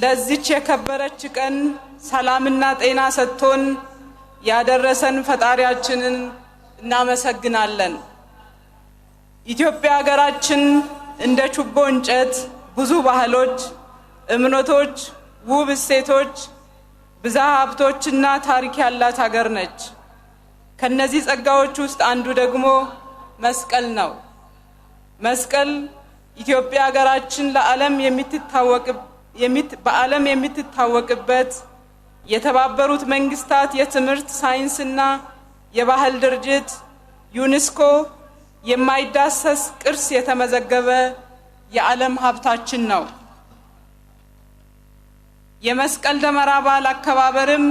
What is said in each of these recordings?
ለዚች የከበረች ቀን ሰላምና ጤና ሰጥቶን ያደረሰን ፈጣሪያችንን እናመሰግናለን። ኢትዮጵያ ሀገራችን እንደ ችቦ እንጨት ብዙ ባህሎች፣ እምነቶች፣ ውብ እሴቶች፣ ብዛ ሀብቶችና ታሪክ ያላት ሀገር ነች። ከነዚህ ጸጋዎች ውስጥ አንዱ ደግሞ መስቀል ነው። መስቀል ኢትዮጵያ ሀገራችን ለዓለም የምትታወቅበት በዓለም የምትታወቅበት የተባበሩት መንግስታት የትምህርት ሳይንስና የባህል ድርጅት ዩኒስኮ የማይዳሰስ ቅርስ የተመዘገበ የዓለም ሀብታችን ነው። የመስቀል ደመራ በዓል አከባበርም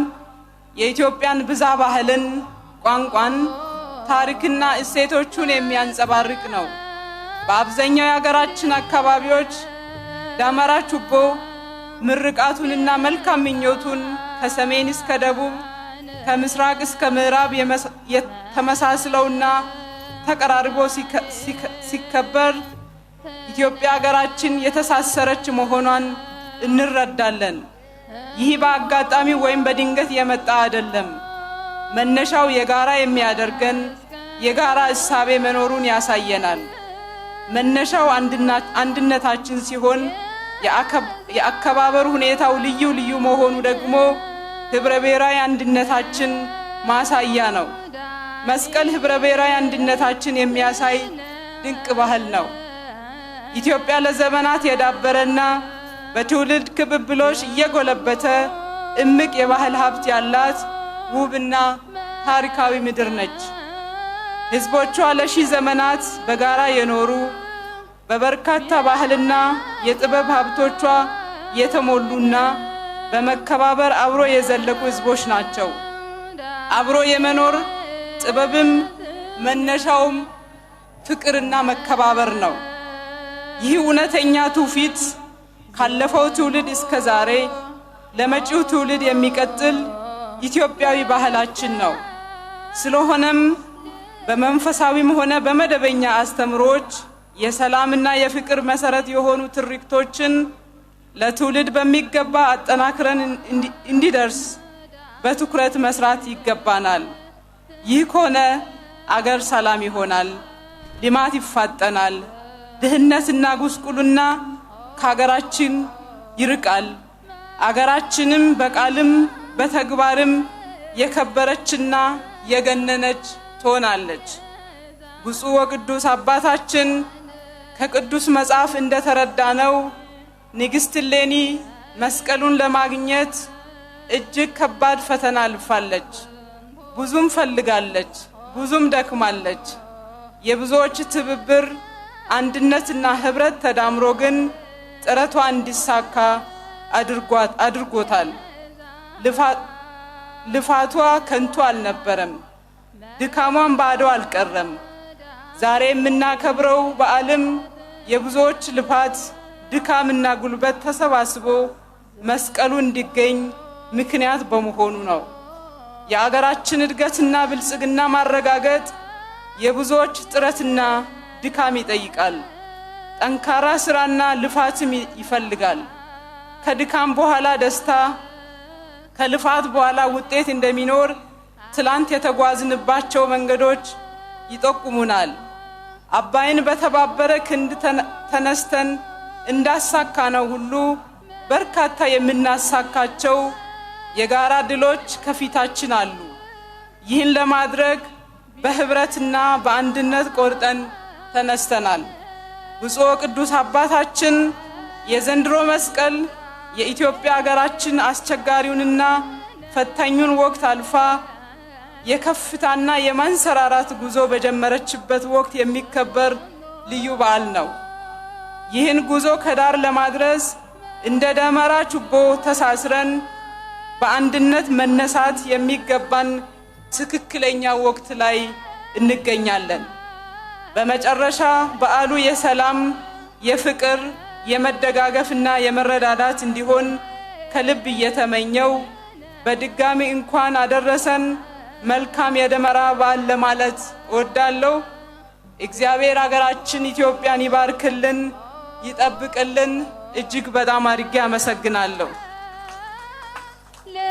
የኢትዮጵያን ብዛ ባህልን፣ ቋንቋን፣ ታሪክና እሴቶቹን የሚያንጸባርቅ ነው። በአብዛኛው የሀገራችን አካባቢዎች ደመራ ችቦ ምርቃቱንና መልካም ምኞቱን ከሰሜን እስከ ደቡብ ከምስራቅ እስከ ምዕራብ ተመሳስለውና ተቀራርቦ ሲከበር ኢትዮጵያ ሀገራችን የተሳሰረች መሆኗን እንረዳለን። ይህ በአጋጣሚ ወይም በድንገት የመጣ አይደለም። መነሻው የጋራ የሚያደርገን የጋራ እሳቤ መኖሩን ያሳየናል። መነሻው አንድነታችን ሲሆን የአከባበር ሁኔታው ልዩ ልዩ መሆኑ ደግሞ ህብረ ብሔራዊ አንድነታችን ማሳያ ነው። መስቀል ህብረ ብሔራዊ አንድነታችን የሚያሳይ ድንቅ ባህል ነው። ኢትዮጵያ ለዘመናት የዳበረና በትውልድ ክብብሎች እየጎለበተ እምቅ የባህል ሀብት ያላት ውብና ታሪካዊ ምድር ነች። ህዝቦቿ ለሺህ ዘመናት በጋራ የኖሩ በበርካታ ባህልና የጥበብ ሀብቶቿ የተሞሉና በመከባበር አብሮ የዘለቁ ህዝቦች ናቸው። አብሮ የመኖር ጥበብም መነሻውም ፍቅርና መከባበር ነው። ይህ እውነተኛ ትውፊት ካለፈው ትውልድ እስከ ዛሬ ለመጪው ትውልድ የሚቀጥል ኢትዮጵያዊ ባህላችን ነው። ስለሆነም በመንፈሳዊም ሆነ በመደበኛ አስተምሮዎች የሰላምና የፍቅር መሰረት የሆኑ ትርክቶችን ለትውልድ በሚገባ አጠናክረን እንዲደርስ በትኩረት መስራት ይገባናል። ይህ ከሆነ አገር ሰላም ይሆናል፣ ልማት ይፋጠናል፣ ድህነትና ጉስቁልና ከሀገራችን ይርቃል። አገራችንም በቃልም በተግባርም የከበረችና የገነነች ትሆናለች። ብፁዕ ወቅዱስ አባታችን ከቅዱስ መጽሐፍ እንደተረዳነው ንግሥት እሌኒ መስቀሉን ለማግኘት እጅግ ከባድ ፈተና አልፋለች። ብዙም ፈልጋለች፣ ብዙም ደክማለች። የብዙዎች ትብብር አንድነትና ህብረት ተዳምሮ ግን ጥረቷ እንዲሳካ አድርጎታል። ልፋቷ ከንቱ አልነበረም፣ ድካሟን ባዶ አልቀረም። ዛሬ የምናከብረው በዓልም የብዙዎች ልፋት ድካምና ጉልበት ተሰባስቦ መስቀሉ እንዲገኝ ምክንያት በመሆኑ ነው። የአገራችን እድገትና ብልጽግና ማረጋገጥ የብዙዎች ጥረትና ድካም ይጠይቃል። ጠንካራ ስራና ልፋትም ይፈልጋል። ከድካም በኋላ ደስታ፣ ከልፋት በኋላ ውጤት እንደሚኖር ትላንት የተጓዝንባቸው መንገዶች ይጠቁሙናል። አባይን በተባበረ ክንድ ተነስተን እንዳሳካ ነው ሁሉ በርካታ የምናሳካቸው የጋራ ድሎች ከፊታችን አሉ። ይህን ለማድረግ በህብረትና በአንድነት ቆርጠን ተነስተናል። ብፁዕ ቅዱስ አባታችን የዘንድሮ መስቀል የኢትዮጵያ ሀገራችን አስቸጋሪውንና ፈታኙን ወቅት አልፋ የከፍታና የማንሰራራት ጉዞ በጀመረችበት ወቅት የሚከበር ልዩ በዓል ነው። ይህን ጉዞ ከዳር ለማድረስ እንደ ደመራ ችቦ ተሳስረን በአንድነት መነሳት የሚገባን ትክክለኛ ወቅት ላይ እንገኛለን። በመጨረሻ በዓሉ የሰላም፣ የፍቅር፣ የመደጋገፍና የመረዳዳት እንዲሆን ከልብ እየተመኘው በድጋሚ እንኳን አደረሰን መልካም የደመራ በዓል ለማለት እወዳለሁ። እግዚአብሔር ሀገራችን ኢትዮጵያን ይባርክልን፣ ይጠብቅልን። እጅግ በጣም አድርጌ አመሰግናለሁ።